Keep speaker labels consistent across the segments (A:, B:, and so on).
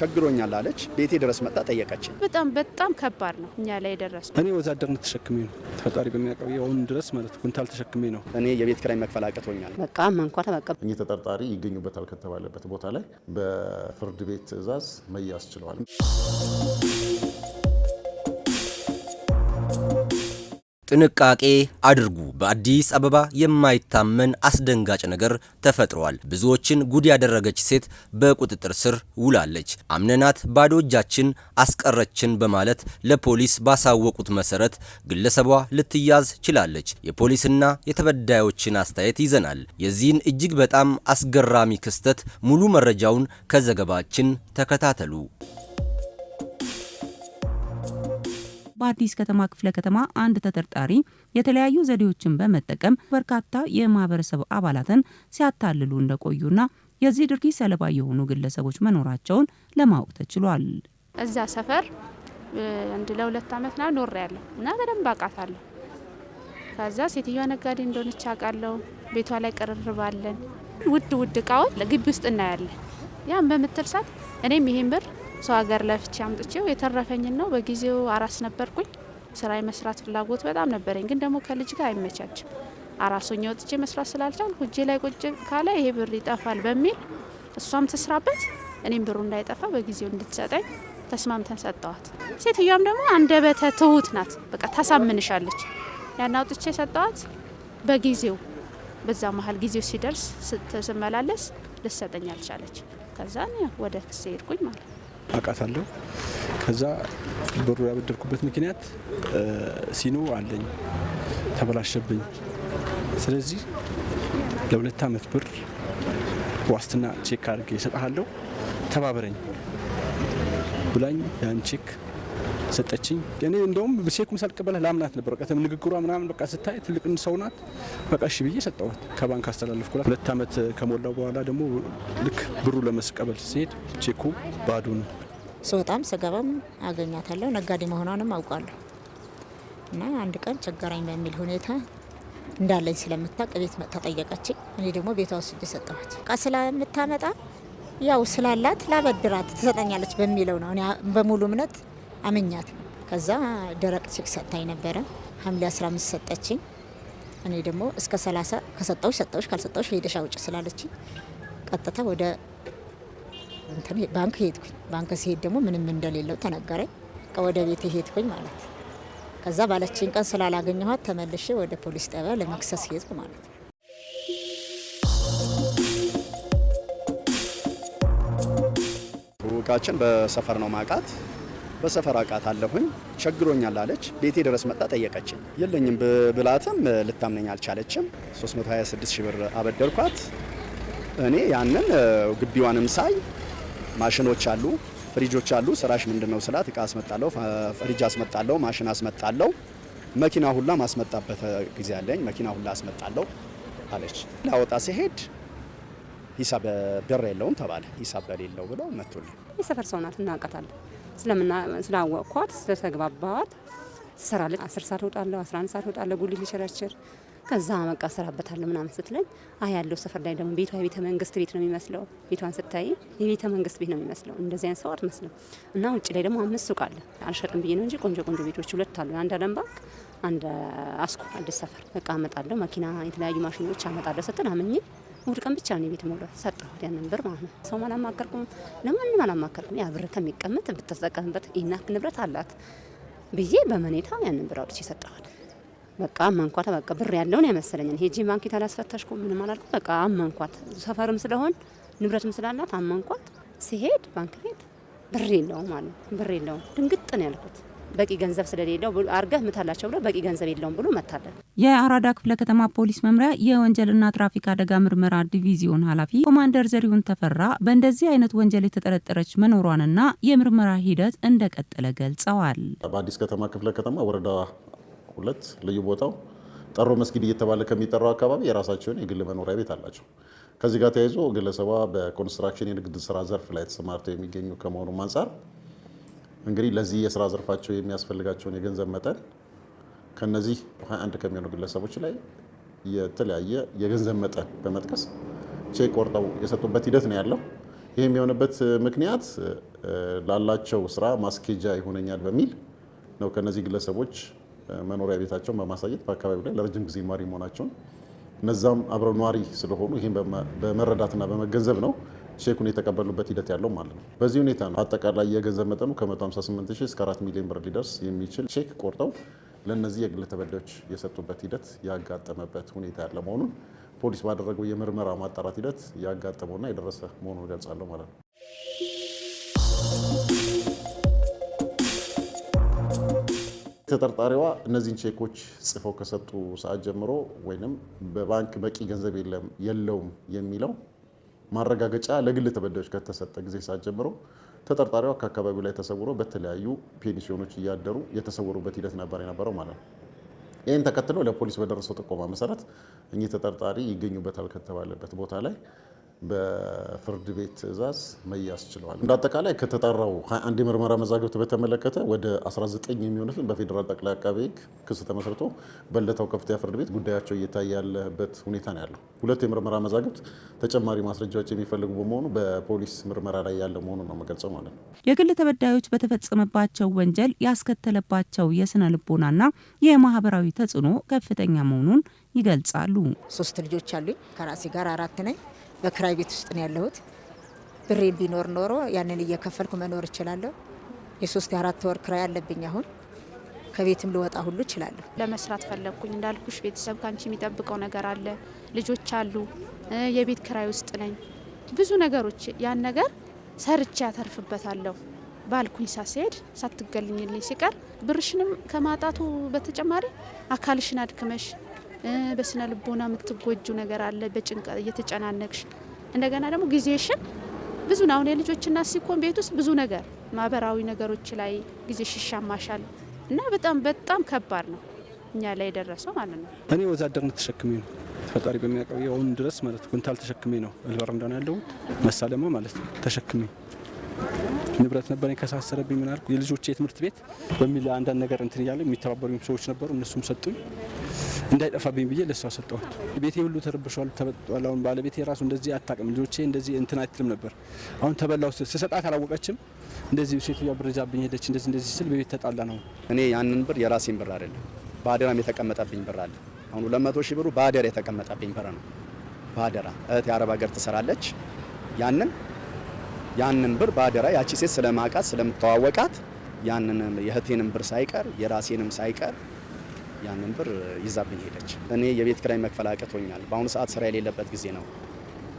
A: ቸግሮኛል አለች። ቤቴ ድረስ መጣ ጠየቀች።
B: በጣም በጣም ከባድ ነው እኛ ላይ የደረሰው።
C: እኔ ወዛደርነት ተሸክሜ ነው ተፈጣሪ በሚያቀብ የሆኑ ድረስ ማለት ኩንታል ተሸክሜ ነው።
A: እኔ የቤት ክራይ መክፈል አቅቶኛል።
B: በቃ መንኳ በቃ
C: እኚህ ተጠርጣሪ ይገኙበታል ከተባለበት ቦታ ላይ በፍርድ ቤት ትዕዛዝ መያዝ ችለዋል።
D: ጥንቃቄ አድርጉ። በአዲስ አበባ የማይታመን አስደንጋጭ ነገር ተፈጥሯል። ብዙዎችን ጉድ ያደረገች ሴት በቁጥጥር ስር ውላለች። አምነናት ባዶ እጃችን አስቀረችን በማለት ለፖሊስ ባሳወቁት መሰረት ግለሰቧ ልትያዝ ችላለች። የፖሊስና የተበዳዮችን አስተያየት ይዘናል። የዚህን እጅግ በጣም አስገራሚ ክስተት ሙሉ መረጃውን ከዘገባችን ተከታተሉ።
E: በአዲስ ከተማ ክፍለ ከተማ አንድ ተጠርጣሪ የተለያዩ ዘዴዎችን በመጠቀም በርካታ የማህበረሰብ አባላትን ሲያታልሉ እንደቆዩና የዚህ ድርጊት ሰለባ የሆኑ ግለሰቦች መኖራቸውን ለማወቅ ተችሏል።
B: እዛ ሰፈር አንድ ለሁለት አመት ና ኖር ያለው እና በደንብ አውቃታለሁ። ከዛ ሴትዮዋ ነጋዴ እንደሆነች አውቃለሁ። ቤቷ ላይ ቅርርባለን። ውድ ውድ እቃውን ግቢ ውስጥ እናያለን። ያም በምትል ሰዓት እኔም ይሄን ብር ሰው ሀገር ለፍቼ አምጥቼው የተረፈኝን ነው። በጊዜው አራስ ነበርኩኝ። ስራ የመስራት ፍላጎት በጣም ነበረኝ፣ ግን ደግሞ ከልጅ ጋር አይመቻችም። አራሶኛ ወጥቼ መስራት ስላልቻል እጄ ላይ ቁጭ ካለ ይሄ ብር ይጠፋል በሚል እሷም ትስራበት እኔም ብሩ እንዳይጠፋ በጊዜው እንድትሰጠኝ ተስማምተን ሰጠዋት። ሴትዮዋም ደግሞ አንደበተ ትሁት ናት። በቃ ታሳምንሻለች። ያን አውጥቼ ሰጠዋት በጊዜው በዛ መሀል ጊዜው ሲደርስ ስትመላለስ ልሰጠኝ አልቻለች። ከዛ ወደ ክስ ሄድኩኝ ማለት ነው።
C: አውቃታለሁ። ከዛ ብሩ ያበደርኩበት ምክንያት ሲኖ አለኝ ተበላሸብኝ። ስለዚህ ለሁለት ዓመት ብር ዋስትና ቼክ አድርጌ እሰጥሃለሁ ተባበረኝ ብላኝ ያን ቼክ ሰጠችኝ። እኔ እንደውም ቼኩም ሳልቀበልህ ላምናት ነበር። በቀተም ንግግሯ ምናምን በቃ ስታይ ትልቅ ሰው ናት። በቃ እሺ ብዬ ሰጠዋት፣ ከባንክ አስተላለፍኩላት። ሁለት ዓመት ከሞላው በኋላ ደግሞ ልክ ብሩ ለመስቀበል ሲሄድ ቼኩ ባዶ ነው።
B: ስወጣም ስገባም አገኛታለሁ። ነጋዴ መሆኗንም አውቃለሁ። እና አንድ ቀን ቸገራኝ በሚል ሁኔታ እንዳለኝ ስለምታውቅ ቤት መጥታ ጠየቀችኝ። እኔ ደግሞ ቤቷ ውስጄ ሰጠኋት። እቃ ስለምታመጣ ያው ስላላት ላበድራት ትሰጠኛለች በሚለው ነው እኔ በሙሉ እምነት አመኛት። ከዛ ደረቅ ቼክ ሰጥታኝ ነበረ። ሐምሌ 15 ሰጠችኝ። እኔ ደግሞ እስከ 30 ከሰጠውሽ ሰጠውሽ፣ ካልሰጠውሽ ሄደሽ አውጭ ስላለችኝ ቀጥታ ወደ ባንክ ሄድኩኝ። ባንክ ሲሄድ ደግሞ ምንም እንደሌለው ተነገረኝ። ወደ ቤት ሄድኩኝ ማለት ነው። ከዛ ባለችን ቀን ስላላገኘኋት ተመልሼ ወደ ፖሊስ ጣቢያ ለመክሰስ ሄድኩ ማለት ነው።
A: በሰፈር ነው ማቃት በሰፈር አቃት አለሁኝ ቸግሮኛል አለች። ቤቴ ድረስ መጣ ጠየቀችኝ። የለኝም ብላትም ልታምነኝ አልቻለችም። 326 ሺህ ብር አበደርኳት። እኔ ያንን ግቢዋንም ሳይ ማሽኖች አሉ፣ ፍሪጆች አሉ። ስራሽ ምንድን ነው ስላት እቃ አስመጣለሁ፣ ፍሪጅ አስመጣለሁ፣ ማሽን አስመጣለሁ፣ መኪና ሁላ ማስመጣበት ጊዜ አለኝ፣ መኪና ሁላ አስመጣለሁ አለች። ላወጣ ሲሄድ ሂሳብ ብር የለውም ተባለ። ሂሳብ በሌለው ብለው መቱልኝ።
B: የሰፈር ሰው ናት እናውቃታለን። ስላወቅኳት ስለተግባባዋት ስሰራለች። አስር ሰዓት እወጣለሁ፣ አስራ አንድ ሰዓት እወጣለሁ። ጉሊት ልሸረችር ከዛ በቃ እሰራበታለሁ ምናምን ስትለኝ አይ ያለው ሰፈር ላይ ደግሞ ቤቷ የቤተ መንግስት ቤት ነው የሚመስለው። ቤቷን ስታይ የቤተ መንግስት ቤት ነው የሚመስለው። እንደዚህ አይነት ሰው አትመስልም። እና ውጭ ላይ ደግሞ አምስት ሱቅ አለ። አልሸጥም ብዬ ነው እንጂ ቆንጆ ቆንጆ ቤቶች ሁለት አሉ። አንድ አለም ባንክ፣ አንድ አስኮ አዲስ ሰፈር። በቃ አመጣለሁ፣ መኪና፣ የተለያዩ ማሽኖች አመጣለሁ ስትል አምኜ እሁድ ቀን ብቻ ነው ቤት መውላት ሰጠሁት። ያንን ብር ማለት ነው። ሰው አላማከርኩም፣ ለማንም አላማከርኩም። ያ ብር ከሚቀመጥ ብትጠቀምበት ይናክ ንብረት አላት ብዬ በመኔታ ያንን ብር አውጥቼ ሰጠሁት። በቃ አመንኳት። በቃ ብር ያለውን ያመሰለኝ ሄጂ ማንኪት አላስፈተሽኩ ምንም አላልኩ። በቃ አመንኳት። ሰፈርም ስለሆን ንብረትም ስላላት አመንኳት። ሲሄድ ባንክ ቤት ብር የለውም አለ። ብር የለውም ድንግጥ ነው ያልኩት። በቂ ገንዘብ ስለሌለው አርገህ ምታላቸው ብሎ በቂ ገንዘብ የለውም ብሎ መታለን።
E: የአራዳ ክፍለ ከተማ ፖሊስ መምሪያ የወንጀልና ትራፊክ አደጋ ምርመራ ዲቪዚዮን ኃላፊ ኮማንደር ዘሪሁን ተፈራ በእንደዚህ አይነት ወንጀል የተጠረጠረች መኖሯንና የምርመራ ሂደት እንደቀጠለ ገልጸዋል።
C: በአዲስ ከተማ ክፍለ ከተማ ወረዳ ሁለት ልዩ ቦታው ጠሮ መስጊድ እየተባለ ከሚጠራው አካባቢ የራሳቸውን የግል መኖሪያ ቤት አላቸው። ከዚህ ጋር ተያይዞ ግለሰቧ በኮንስትራክሽን የንግድ ስራ ዘርፍ ላይ ተሰማርተው የሚገኙ ከመሆኑም አንጻር እንግዲህ ለዚህ የስራ ዘርፋቸው የሚያስፈልጋቸውን የገንዘብ መጠን ከነዚህ 21 ከሚሆኑ ግለሰቦች ላይ የተለያየ የገንዘብ መጠን በመጥቀስ ቼክ ቆርጠው የሰጡበት ሂደት ነው ያለው። ይህም የሆነበት ምክንያት ላላቸው ስራ ማስኬጃ ይሆነኛል በሚል ነው ከነዚህ ግለሰቦች መኖሪያ ቤታቸውን በማሳየት በአካባቢው ላይ ለረጅም ጊዜ ነዋሪ መሆናቸውን እነዛም አብረው ነዋሪ ስለሆኑ ይህም በመረዳትና በመገንዘብ ነው ቼኩን የተቀበሉበት ሂደት ያለው ማለት ነው። በዚህ ሁኔታ ነው አጠቃላይ የገንዘብ መጠኑ ከ158 እስከ 4 ሚሊዮን ብር ሊደርስ የሚችል ቼክ ቆርጠው ለእነዚህ የግል ተበዳዮች የሰጡበት ሂደት ያጋጠመበት ሁኔታ ያለ መሆኑን ፖሊስ ባደረገው የምርመራ ማጣራት ሂደት ያጋጠመውና የደረሰ መሆኑን ገልጻለሁ ማለት ነው። ተጠርጣሪዋ እነዚህን ቼኮች ጽፈው ከሰጡ ሰዓት ጀምሮ ወይም በባንክ በቂ ገንዘብ የለም የለውም የሚለው ማረጋገጫ ለግል ተበዳዮች ከተሰጠ ጊዜ ሰዓት ጀምሮ ተጠርጣሪዋ ከአካባቢው ላይ ተሰውሮ በተለያዩ ፔንሲዮኖች እያደሩ የተሰወሩበት ሂደት ነበር የነበረው ማለት ነው። ይህን ተከትሎ ለፖሊስ በደረሰው ጥቆማ መሰረት እኚህ ተጠርጣሪ ይገኙበታል ከተባለበት ቦታ ላይ በፍርድ ቤት ትዕዛዝ መያዝ ችለዋል። እንደ አጠቃላይ ከተጣራው 21 የምርመራ መዛግብት በተመለከተ ወደ 19 የሚሆኑትን በፌዴራል ጠቅላይ አቃቤ ሕግ ክስ ተመስርቶ በለተው ከፍተኛ ፍርድ ቤት ጉዳያቸው እየታየ ያለበት ሁኔታ ነው ያለው። ሁለት የምርመራ መዛግብት ተጨማሪ ማስረጃዎች የሚፈልጉ በመሆኑ በፖሊስ ምርመራ ላይ ያለ መሆኑ ነው መገልጸው ማለት
E: ነው። የግል ተበዳዮች በተፈጸመባቸው ወንጀል ያስከተለባቸው የስነ ልቦናና የማህበራዊ ተጽዕኖ ከፍተኛ መሆኑን ይገልጻሉ።
B: ሶስት ልጆች አሉኝ። ከራሴ ጋር አራት ነኝ በክራይ ቤት ውስጥ ነው ያለሁት። ብሬ ቢኖር ኖሮ ያንን እየከፈልኩ መኖር እችላለሁ። የሶስት የአራት ወር ክራይ አለብኝ አሁን ከቤትም ልወጣ ሁሉ እችላለሁ። ለመስራት ፈለግኩኝ እንዳልኩሽ፣ ቤተሰብ ከአንቺ የሚጠብቀው ነገር አለ፣ ልጆች አሉ፣ የቤት ክራይ ውስጥ ነኝ፣ ብዙ ነገሮች። ያን ነገር ሰርቼ ያተርፍበታለሁ ባልኩኝ ሳስሄድ ሳትገልኝልኝ ሲቀር ብርሽንም ከማጣቱ በተጨማሪ አካልሽን አድክመሽ በስነ ልቦና የምትጎጁ ነገር አለ፣ በጭንቀ እየተጨናነቅሽ እንደገና ደግሞ ጊዜሽን ብዙ ነው። አሁን የልጆች እናት ሲኮን ቤት ውስጥ ብዙ ነገር ማህበራዊ ነገሮች ላይ ጊዜሽ ይሻማሻል እና በጣም በጣም ከባድ ነው እኛ ላይ የደረሰው ማለት ነው።
C: እኔ ወዛደርነት ተሸክሜ ነው ፈጣሪ በሚያቀው የሆኑ ድረስ ማለት ኩንታል ተሸክሜ ነው እልበረንዳን ያለው መሳለማ ማለት ነው ተሸክሜ ንብረት ነበረኝ ከሳሰረብኝ ምን አልኩ የልጆቼ የትምህርት ቤት በሚል አንዳንድ ነገር እንትን እያለ የሚተባበሩኝ ሰዎች ነበሩ። እነሱም ሰጡኝ እንዳይጠፋብኝ ብዬ ለሷ ሰጠዋት። ቤቴ ሁሉ ተረብሸዋል ተበጥቷል። አሁን ባለቤቴ ራሱ እንደዚህ አታውቅም፣ ልጆቼ እንደዚህ እንትን አይትልም ነበር። አሁን ተበላው ስሰጣት አላወቀችም። እንደዚህ ሴትዮዋ ብረጃብኝ ሄደች። እንደዚህ እንደዚህ ስል በቤት ተጣላ ነው።
A: እኔ ያንን ብር የራሴን ብር አይደለም በአደራም የተቀመጠብኝ ብር አለ። አሁን 200 ሺህ ብሩ በአደራ የተቀመጠብኝ ብር ነው። በአደራ እህቴ አረብ ሀገር ትሰራለች ያንን ያንን ብር በአደራ ያቺ ሴት ስለማቃት ስለምተዋወቃት ያንን የእህቴንም ብር ሳይቀር የራሴንም ሳይቀር ያንን ብር ይዛብኝ ሄደች። እኔ የቤት ክራይ መክፈል አቅቶኛል። በአሁኑ ሰዓት ስራ የሌለበት ጊዜ ነው።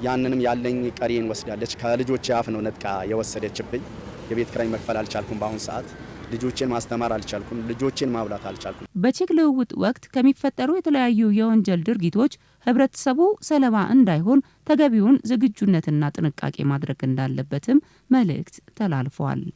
A: ያንንም ያለኝ ቀሪን ወስዳለች። ከልጆች አፍ ነው ነጥቃ የወሰደችብኝ። የቤት ክራይ መክፈል አልቻልኩም በአሁኑ ሰዓት ልጆቼን ማስተማር አልቻልኩም። ልጆቼን ማብላት አልቻልኩም።
E: በቼክ ልውውጥ ወቅት ከሚፈጠሩ የተለያዩ የወንጀል ድርጊቶች ህብረተሰቡ ሰለባ እንዳይሆን ተገቢውን ዝግጁነትና ጥንቃቄ ማድረግ እንዳለበትም መልእክት ተላልፏል።